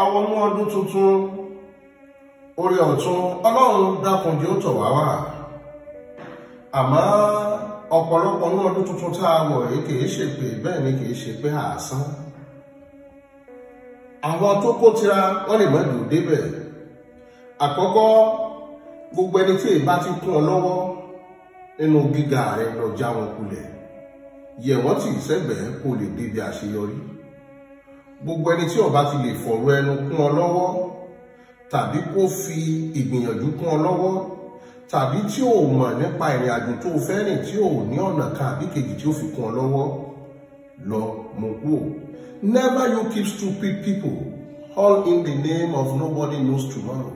àwọnú ọdún tuntun orí ọ̀tún ọlọ́run dákun jẹ́ ó tọ̀ wá wá àmọ́ ọ̀pọ̀lọpọ̀ ní ọdún tuntun tá a wọ̀ yìí kì í ṣe pé bẹ́ẹ̀ ni kì í ṣe pé àásán àwọn tó kó tira wọ́n lè má dùn débẹ̀ àkọ́kọ́ gbogbo ẹni tí ìbá ti kún ọ lọ́wọ́ nínú gíga rẹ lọ já wọn kulẹ̀ yẹ̀ wọ́n tì sẹ́gbẹ̀ẹ́ kó lè débi àṣeyọrí gbogbo ẹni tí ó ti lè fọ̀rọ̀ ẹnu kún ọ lọ́wọ́ tàbí kó fi ìgbìyànjú kún ọ lọ́wọ́ tàbí tí ò mọ̀ nípa ìrìn àjò tó fẹ́ rìn tí ò ní ọ̀nà kan àbí kejì tí ó fi kún ọ lọ́wọ́ lọ mú kúrò. Never you keep stupid people all in the name of nobody knows tomorrow.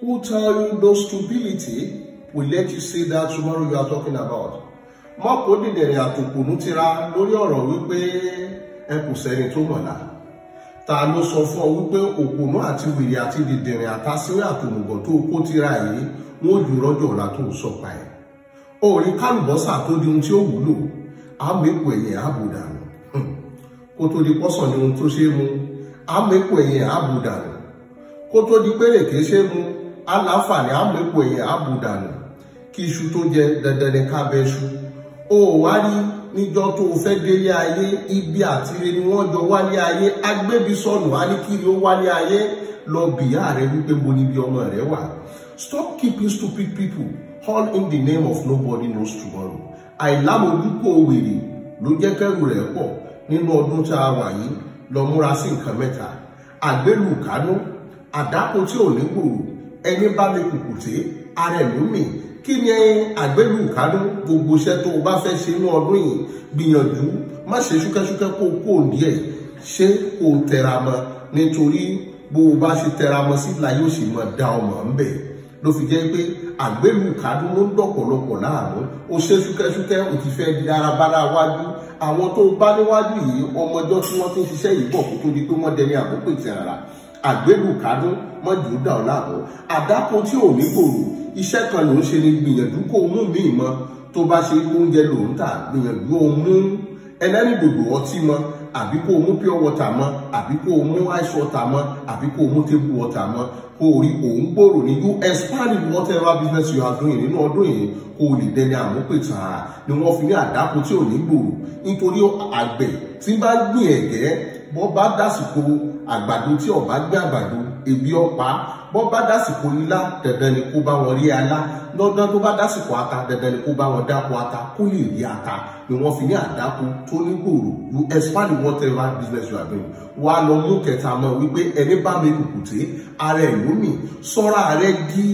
Who tell you those stability will let you see that tomorrow you are talking about. Mọ́kò dìdẹ̀rẹ̀ àtòkùnú tira lórí ọ̀rọ̀ wípé. ẹ kò tó mọ̀lá ta ló sọ fún ọ wípé òpònú àti wèrè àti dìndìnrín àtàsíwé àtòmùgọ̀ tó kó tira yìí wọn ò jù rọ́jò ọ̀la tó sọ̀pa ẹ̀ orí kálùbọ́sà tó di ohun tí ó wúlò àmẹ́kù ẹ̀yìn àbùdànù kó tó di pọ́sàn ni ohun tó ṣe é mu àmẹ́kù ẹ̀yìn àbùdànù kó di níjọ́ tó o fẹ́ délé ayé ibi àtire ni wọ́n jọ wálé ayé agbébi sọnù alikiri ó wálé ayé lọ bìyà rẹ wípé mo níbi ọmọ rẹ wà stop keeping stupid people all in the name of nobody knows tomorrow àìlámojúkò wèrè ló jẹ́ kẹ́rù rẹ̀ pọ̀ nínú ọdún tá a wà yìí lọ múra sí nǹkan mẹ́ta àgbélù kánú àdáko tí ò ní gbòòrò ẹni bá mi kùkùté ara ẹ̀ lómìn kí ni àgbélù kánú gbogbo iṣẹ́ tó o bá fẹ́ ṣe inú ọdún yìí gbìyànjú má ṣe ṣúkẹ́ṣúkẹ́ kó o kó o díẹ̀ ṣé o tẹra mọ́ nítorí bó o bá ṣe tẹra mọ́ sí la yóò sì mọ da ọmọ ń bẹ ló fi jẹ́ pé àgbélù kánú ló ń dọ̀pọ̀lọpọ̀ láàánú o ṣe ṣúkẹ́ṣúkẹ́ o ti fẹ́ di arabára wájú àwọn tó bá níwájú yìí ọmọjọ́ tí wọ́n ti ń ṣiṣẹ́ yìí bọ̀ kó tó di pé wọ́n dẹni àkókò ìtẹ̀ ara àgbébùkádún mọ́jú dà ọ́ láàbọ̀ àdáko tí ò ní gbòòrò iṣẹ́ kan ló ń ṣe ni gbìyànjú kó mú mi mọ́ tó bá ṣe oúnjẹ lòún tà gbìyànjú òun mú ẹlẹ́rìndòdò ọtí mọ́ àbí kó mú pure water mọ́ àbí kó mú ice water mọ́ àbí kó o mú table water mọ́ kó o rí òun gbòòrò ní you expand whatever business you are doing nínú ọdún yìí kó o lè dẹni àmúpètà ni wọ́n fi ní àdáko tí ò ní gbòòrò nítorí àgbẹ̀ tí bá gbìn ẹ̀gẹ́ bọ́ bá dásìkò àgbàdo tí ọ̀bá gbé àgbàdo ebi ọ̀pá bọ́ bá dásìkò ilá dandan ni kó bá wọn rí alá lọ́dán tó bá dásìkò ata dandan ni kó bá wọn dáko ata kó lè rí ata ni wọ́n fi ní àdáko tó ní gbòòrò you expand whatever business you are doing wà á lọ mú kẹta mọ́ wípé ẹni bá mi kùkùté ara ẹ̀ lómi sọ́ra rẹ di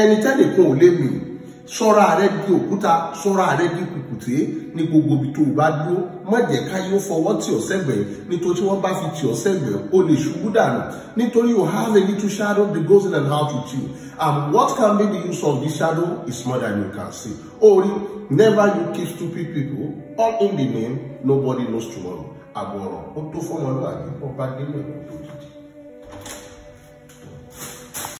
ẹni tẹ́lẹ̀ kan ò lè mìíràn sọ́ra rẹ di òkúta sọ́ra rẹ di kùkùté ní gbogbo ibi tó o bá dúró má jẹ́ ká yóò fọwọ́ tì ọ́ sẹ́gbẹ̀ẹ́ nítorí wọ́n bá fi tì ọ́ sẹ́gbẹ̀ẹ́ o lè ṣubú dànù nítorí you have a little shadow that goes in and out with you and what can be the use of this shadow is more than you can see orí never you kiss stupid people all in the name nobody knows tomorrow àbọ̀rọ̀ ó tó fọmọlúwàbí ọba délé ọ̀dọ́.